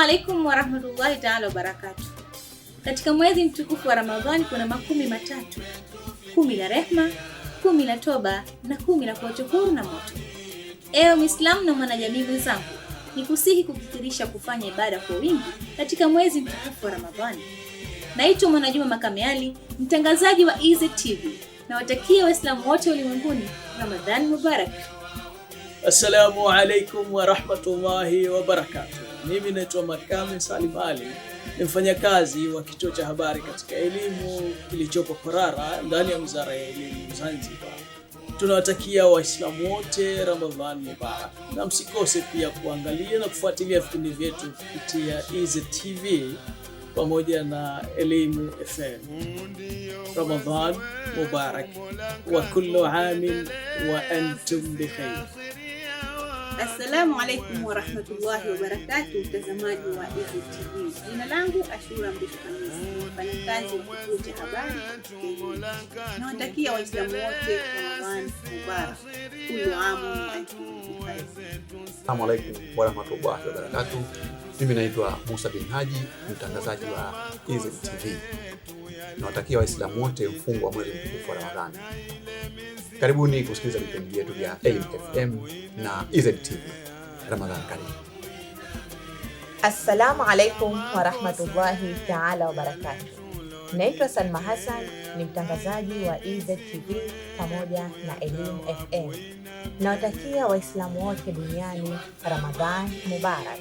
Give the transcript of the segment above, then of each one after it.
alaikum warahmatullahi taala wabarakatu. Katika mwezi mtukufu wa Ramadhani kuna makumi matatu: kumi la rehma, kumi la toba na kumi la kuwashukuru na moto. Ewe Mwislamu na mwanajamii mwenzangu, nikusihi kukithirisha kufanya ibada kwa wingi katika mwezi mtukufu wa Ramadhani. Naitwa Mwanajuma Makameali, mtangazaji wa Izzy TV, na Waislamu wote ulimwenguni Ramadhani Mubarak. Assalamu alaikum warahmatullahi wabarakatuh. Mimi naitwa Makame Salim Ali, ni mfanyakazi wa kituo cha habari katika elimu kilichopo Kwarara ndani ya Wizara ya Elimu Zanzibar. Tunawatakia Waislamu wote Ramadhan Mubarak, na msikose pia kuangalia na kufuatilia vipindi vyetu kupitia Easy TV pamoja na Elimu FM. Ramadhan Mubarak wa kullu amin wa antum bi khair. Assalamu alaikum warahmatullahi wabarakatu, mtazamaji wa Izzee TV. Jina langu Ashura Mrisho Kamisi, mfanyakazi wa kituo cha habari katika. Nawatakia Waislamu wote Ramadhani mubarak. Assalamu alaikum warahmatullahi wabarakatu. Mimi naitwa Musa bin Haji, mtangazaji wa Izzee TV. Nawatakia Waislamu wote mfungo wa mwezi mtukufu wa Ramadhani. Karibuni kusikiliza vipindi vyetu vya AMFM na EZTV. Ramadhan karimu. Assalamu alaikum warahmatullahi taala wabarakatu. Naitwa Salma Hassan, ni mtangazaji wa EZTV pamoja na Elim FM. Nawatakia Waislamu wote duniani Ramadhan Mubarak.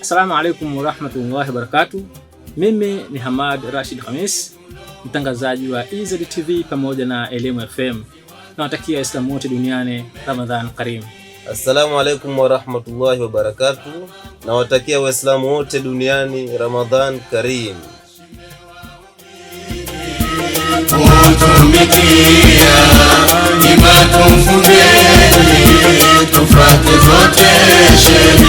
Assalamu alaikum warahmatullahi wabarakatu. Mimi ni Hamad Rashid Khamis, mtangazaji wa EZTV pamoja na Elimu FM. Tunawatakia Waislamu wote duniani Ramadhan karimu. Assalamu alaikum warahmatullahi wabarakatuh. Nawatakia Waislamu wote duniani Ramadhan karimu. Tutumikia ima tumfundeni, tufate zote sheria